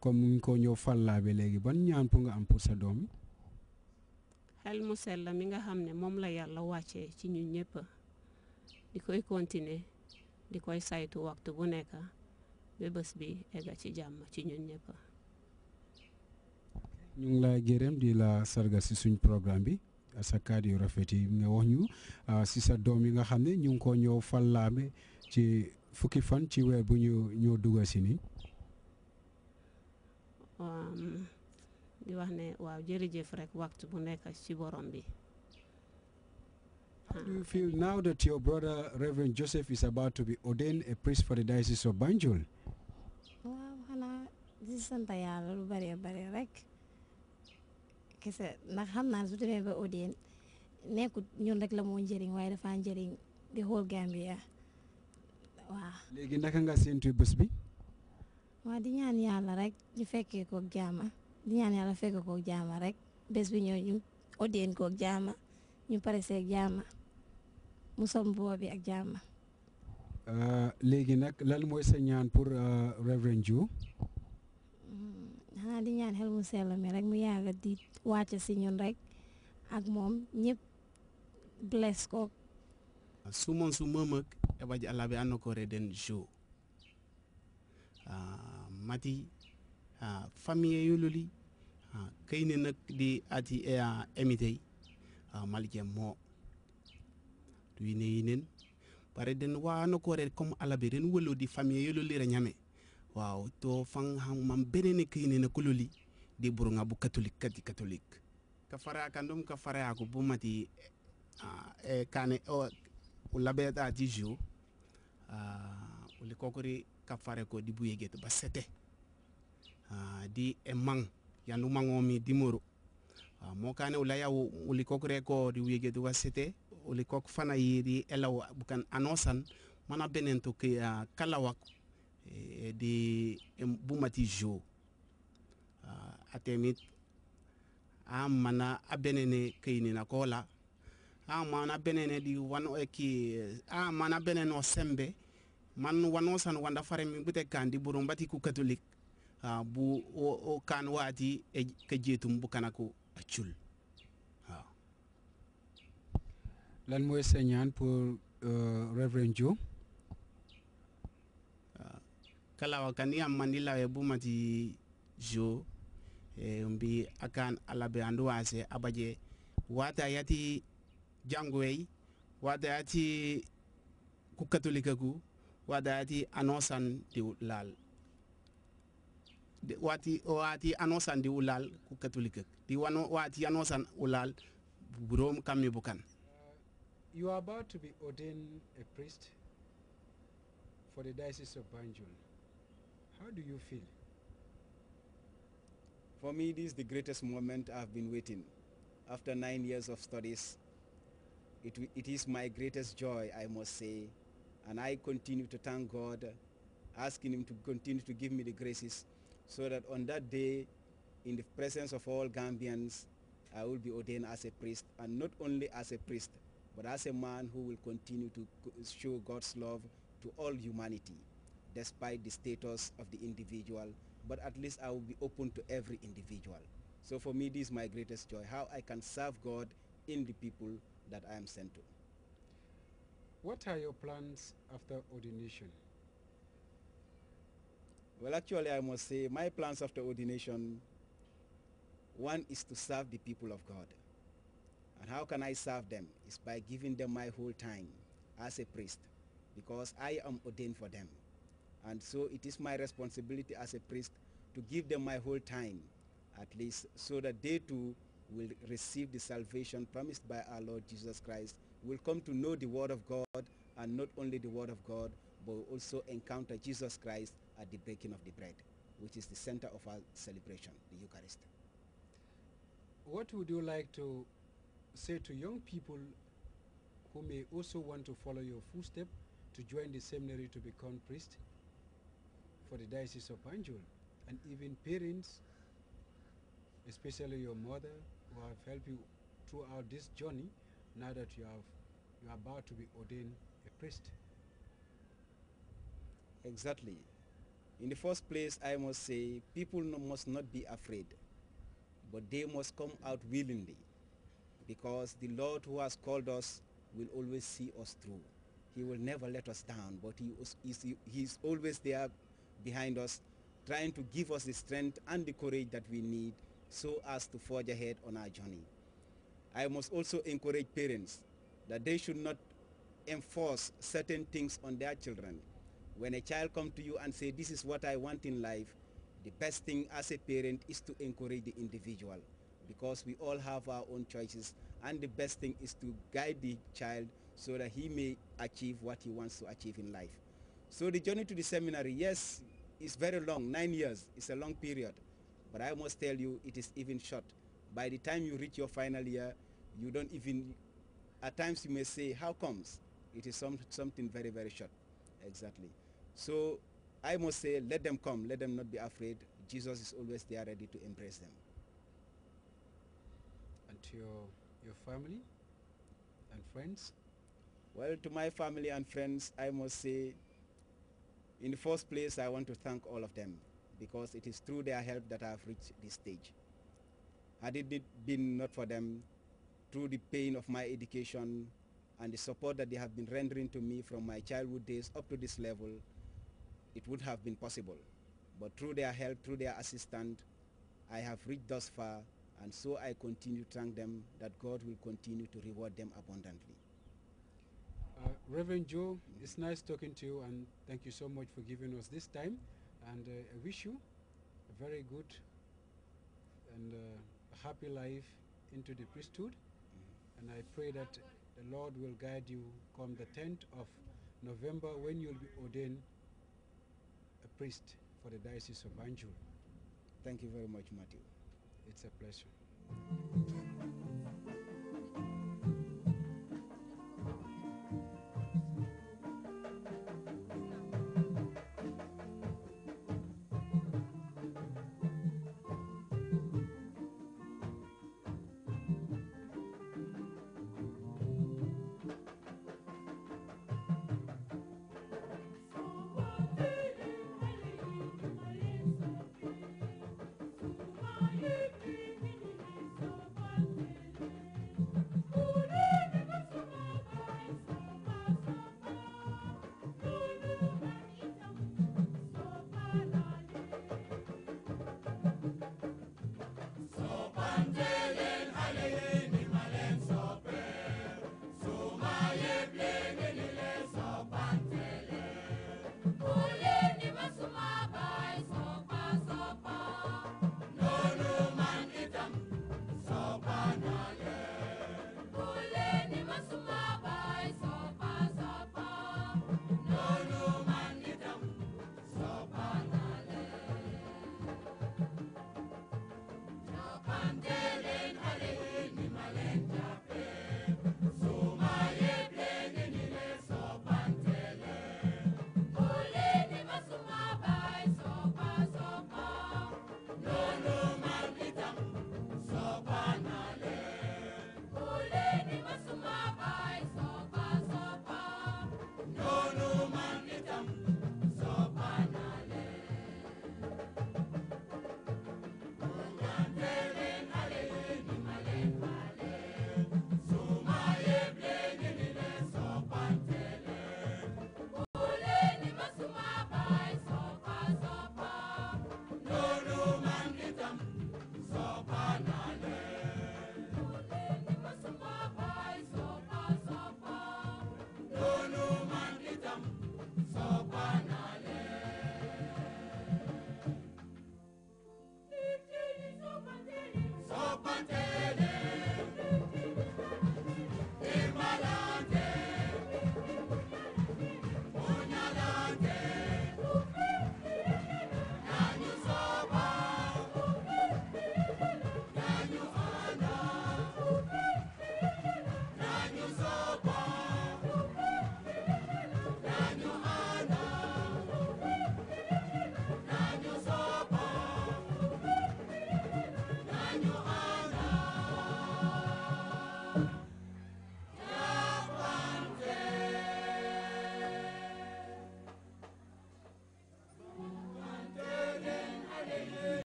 comme mu ngi ko ñëw fallaabe léegi ban ñaan pour nga am pour sa doom yi xel mu sell la mi nga xam ne moom la yàlla wàccee ci ñun ñëpp di koy continuer di koy saytu waxtu bu nekk ba bi egga ci jàmm ci ñun ñëpp ñu ngi lay gërëm di la sargal si suñ programme bi sa kàddu yu rafet yi nga wax ñu si sa doom yi nga xam ne ñu ngi ko ñëw fallaabe ci fukki fan ci weer bu ñu ñoo dugal si nii di wax ne waaw jërëjëf rek waxtu bu nekk ci borom bi. How do you feel now that your brother Reverend Joseph is waaw xanaa di sant yàlla lu bari bari rek kese ndax xam naa su demee ba ordain nekkut ñun rek la moo njëriñ waaye dafa njëriñ di whole Gambia waaw. léegi naka nga séntu bés bi. waa di ñaan yàlla rek ñu fekkee koog jaama di ñaan yàlla fekkee koog jaama rek bés bi ñëw ñu oddeen koog jaama ñu pare seeg jaama mu som boobi ak jaama. Euh, léegi nag lan mooy sa ñaan pour euh, Reverend Diouf. Mm, xanaa di ñaan xel mu rek mu yàgg di wàcc si ñun rek ak moom ñëpp bless ko. su moom su mëmëk e waji alaɓe anno ko mati famille famiyeyololi kayne di ati e, a emitey malje mo wine yinen bare den wa ko kore comme alabe ren wolodi famiyeyololi re ñame waaw to fang ha mam benene kayne nak kololi di burunga bu catholique kati catholique ka fara ka ndum ka fara ko bu mati e kane o labe o le kokori ka fara ko di bu dibu ba basete Ah, di emang yang lu mangomi dimoro ah, mokane ulaya kok reko di du wasete uli kok fana yiri elaw bukan anosan mana benen to ke ah, kalawak eh, di bumati jo atemit an mana abenene benene na kola an mana benene di wano e ki an mana benene o sembe man wano san wanda fare mi bute kandi burumbati bati ku katolik uh, bu o, waati kan wati e ke jetum bu kanako waaw lan mooy sa ñaan pour uh, reverend Joe uh, ah, kalawa kan yam mandi lawe bu mati jo e eh, mbi akan alabe andu wase abaje wata yati jangwey waata yati ku katolika ku wata yati anosan diw laal wati wati anosan di ulal ku di wano wati anosan ulal burom kami bukan you are about to be ordained a priest for the diocese of Banjul how do you feel for me this is the greatest moment I've been waiting after nine years of studies it, it is my greatest joy I must say and I continue to thank God asking him to continue to give me the graces so that on that day, in the presence of all Gambians, I will be ordained as a priest, and not only as a priest, but as a man who will continue to show God's love to all humanity, despite the status of the individual, but at least I will be open to every individual. So for me, this is my greatest joy, how I can serve God in the people that I am sent to. What are your plans after ordination? Well, actually, I must say my plans after ordination, one is to serve the people of God. And how can I serve them? It's by giving them my whole time as a priest because I am ordained for them. And so it is my responsibility as a priest to give them my whole time, at least so that they too will receive the salvation promised by our Lord Jesus Christ, will come to know the Word of God and not only the Word of God, but we also encounter Jesus Christ at the breaking of the bread, which is the center of our celebration, the Eucharist. What would you like to say to young people who may also want to follow your footsteps to join the seminary to become priest for the Diocese of Banjul, and even parents, especially your mother, who have helped you throughout this journey now that you, have, you are about to be ordained a priest? Exactly. In the first place, I must say people must not be afraid, but they must come out willingly because the Lord who has called us will always see us through. He will never let us down, but he is, he is always there behind us, trying to give us the strength and the courage that we need so as to forge ahead on our journey. I must also encourage parents that they should not enforce certain things on their children when a child comes to you and say, this is what I want in life, the best thing as a parent is to encourage the individual because we all have our own choices and the best thing is to guide the child so that he may achieve what he wants to achieve in life. So the journey to the seminary, yes, is very long, nine years, it's a long period, but I must tell you it is even short. By the time you reach your final year, you don't even, at times you may say, how comes? It is some, something very, very short, exactly. So I must say, let them come. Let them not be afraid. Jesus is always there ready to embrace them. And to your, your family and friends? Well, to my family and friends, I must say, in the first place, I want to thank all of them because it is through their help that I have reached this stage. Had it been not for them, through the pain of my education and the support that they have been rendering to me from my childhood days up to this level, it would have been possible. But through their help, through their assistance, I have reached thus far, and so I continue to thank them that God will continue to reward them abundantly. Uh, Reverend Joe, mm -hmm. it's nice talking to you, and thank you so much for giving us this time. And uh, I wish you a very good and uh, happy life into the priesthood. Mm -hmm. And I pray that the Lord will guide you come the 10th of November when you'll be ordained a priest for the Diocese of Banjul. Thank you very much, Matthew. It's a pleasure.